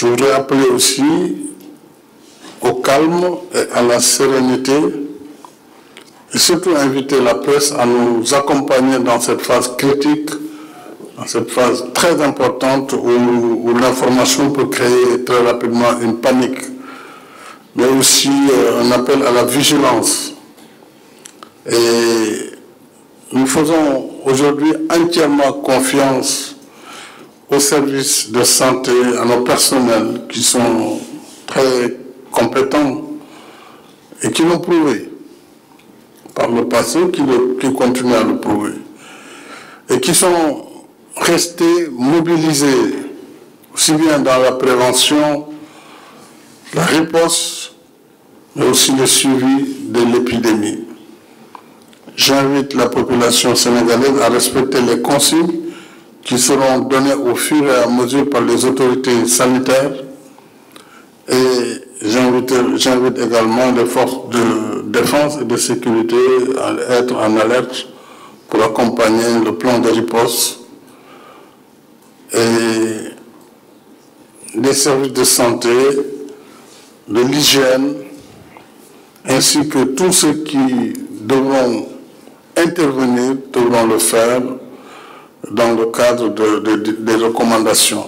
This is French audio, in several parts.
Je voudrais appeler aussi au calme et à la sérénité et surtout inviter la presse à nous accompagner dans cette phase critique, dans cette phase très importante où, l'information peut créer très rapidement une panique, mais aussi euh, un appel à la vigilance. Et nous faisons aujourd'hui entièrement confiance au service de santé, à nos personnels qui sont très compétents et qui l'ont prouvé par le passé, qui, qui continuent à le prouver, et qui sont restés mobilisés, aussi bien dans la prévention, la réponse, mais aussi le suivi de l'épidémie. J'invite la population sénégalaise à respecter les consignes qui seront donnés au fur et à mesure par les autorités sanitaires. Et j'invite également les forces de défense et de sécurité à être en alerte pour accompagner le plan de Et les services de santé, de l'hygiène, ainsi que tous ceux qui devront intervenir devront le faire dans le cadre des recommandations.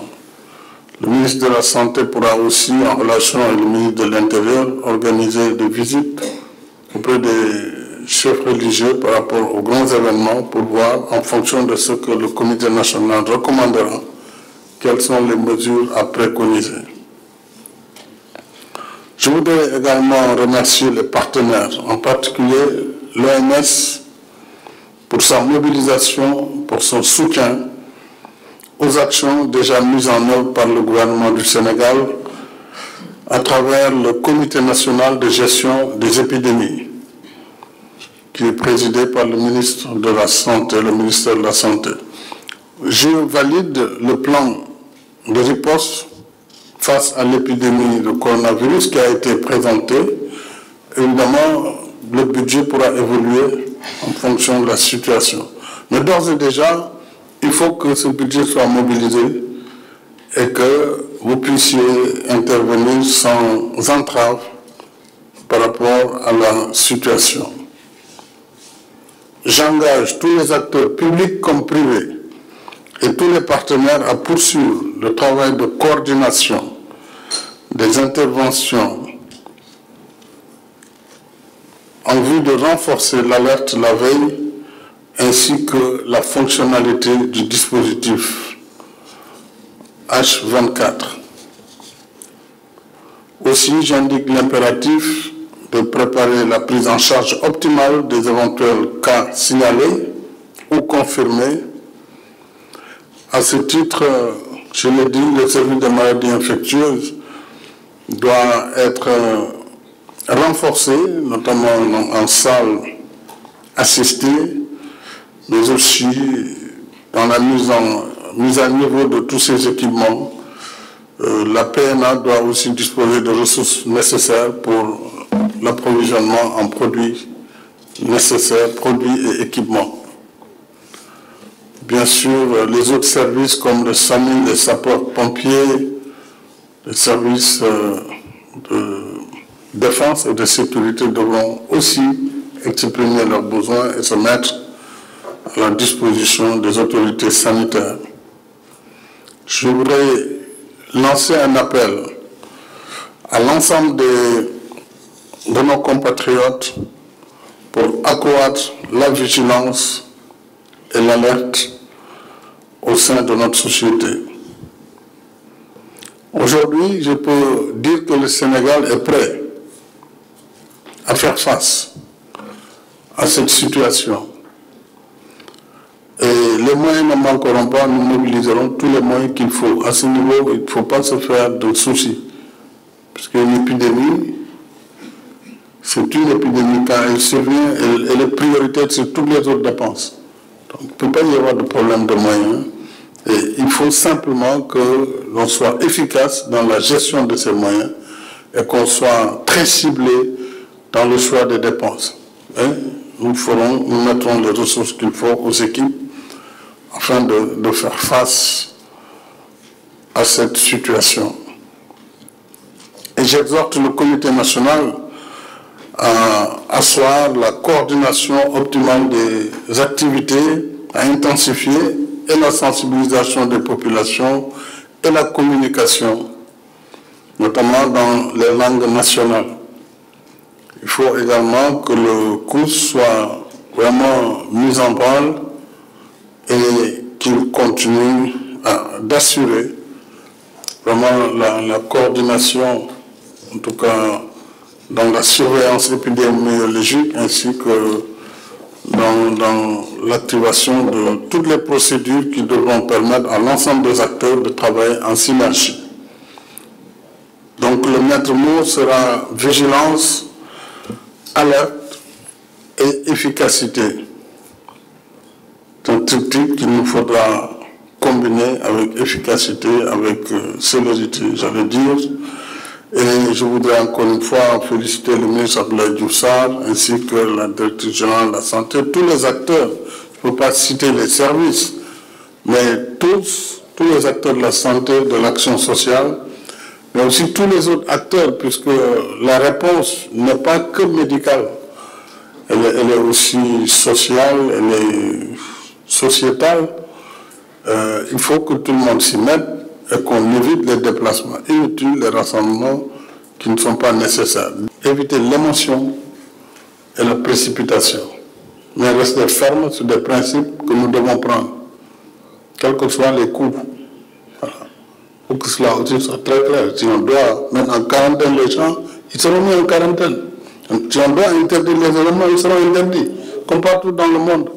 Le ministre de la Santé pourra aussi, en relation avec le ministre de l'Intérieur, organiser des visites auprès des chefs religieux par rapport aux grands événements pour voir, en fonction de ce que le comité national recommandera, quelles sont les mesures à préconiser. Je voudrais également remercier les partenaires, en particulier l'OMS, sa mobilisation, pour son soutien aux actions déjà mises en œuvre par le gouvernement du Sénégal à travers le Comité national de gestion des épidémies, qui est présidé par le ministre de la Santé, le ministère de la Santé. Je valide le plan de riposte face à l'épidémie de coronavirus qui a été présenté. Évidemment, le budget pourra évoluer en fonction de la situation. Mais d'ores et déjà, il faut que ce budget soit mobilisé et que vous puissiez intervenir sans entrave par rapport à la situation. J'engage tous les acteurs publics comme privés et tous les partenaires à poursuivre le travail de coordination des interventions en vue de renforcer l'alerte la veille ainsi que la fonctionnalité du dispositif H24. Aussi, j'indique l'impératif de préparer la prise en charge optimale des éventuels cas signalés ou confirmés. À ce titre, je l'ai dit, le service des maladies infectieuses doit être renforcée, notamment en, salle assistée, mais aussi dans la mise, à niveau de tous ces équipements. Euh, la PNA doit aussi disposer de ressources nécessaires pour l'approvisionnement en produits nécessaires, produits et équipements. Bien sûr, les autres services comme le SAMI, les sapeurs-pompiers, les services euh, défense et de sécurité devront aussi exprimer leurs besoins et se mettre à la disposition des autorités sanitaires. Je voudrais lancer un appel à l'ensemble de, nos compatriotes pour accroître la vigilance et l'alerte au sein de notre société. Aujourd'hui, je peux dire que le Sénégal est prêt faire face à cette situation. Et les moyens ne manqueront pas, nous mobiliserons tous les moyens qu'il faut. À ce niveau, il ne faut pas se faire de soucis. Parce qu'une épidémie, c'est une épidémie. Quand elle survient, et elle est prioritaire sur toutes les autres dépenses. Donc, il ne peut pas y avoir de problème de moyens. Et il faut simplement que l'on soit efficace dans la gestion de ces moyens et qu'on soit très ciblé dans le choix des dépenses. Hein. nous, ferons, nous mettrons les ressources qu'il faut aux équipes afin de, de faire face à cette situation. Et j'exhorte le comité national à asseoir la coordination optimale des activités, à intensifier et la sensibilisation des populations et la communication, notamment dans les langues nationales. Il faut également que le coup soit vraiment mis en branle et qu'il continue d'assurer vraiment la, coordination, en tout cas dans la surveillance épidémiologique ainsi que dans l'activation de toutes les procédures qui devront permettre à l'ensemble des acteurs de travailler en synergie. Donc le maître mot sera vigilance, alerte et efficacité. C'est un triptyque qu'il nous faudra combiner avec efficacité, avec euh, j'allais dire. Et je voudrais encore une fois féliciter le ministre Abdoulaye Doussard ainsi que la directrice générale de la santé, tous les acteurs. Je ne peux pas citer les services, mais tous, tous les acteurs de la santé, de l'action sociale, mais aussi tous les autres acteurs, puisque la réponse n'est pas que médicale. Elle, est aussi sociale, elle est sociétale. Euh, il faut que tout le monde s'y mette et qu'on évite les déplacements inutiles, les rassemblements qui ne sont pas nécessaires. Éviter l'émotion et la précipitation, mais rester ferme sur des principes que nous devons prendre, quels que soient les coûts. Pour que cela aussi soit très clair. Si on doit mettre en quarantaine les gens, ils seront mis en quarantaine. Si on doit interdire les événements, ils seront interdits, comme partout dans le monde.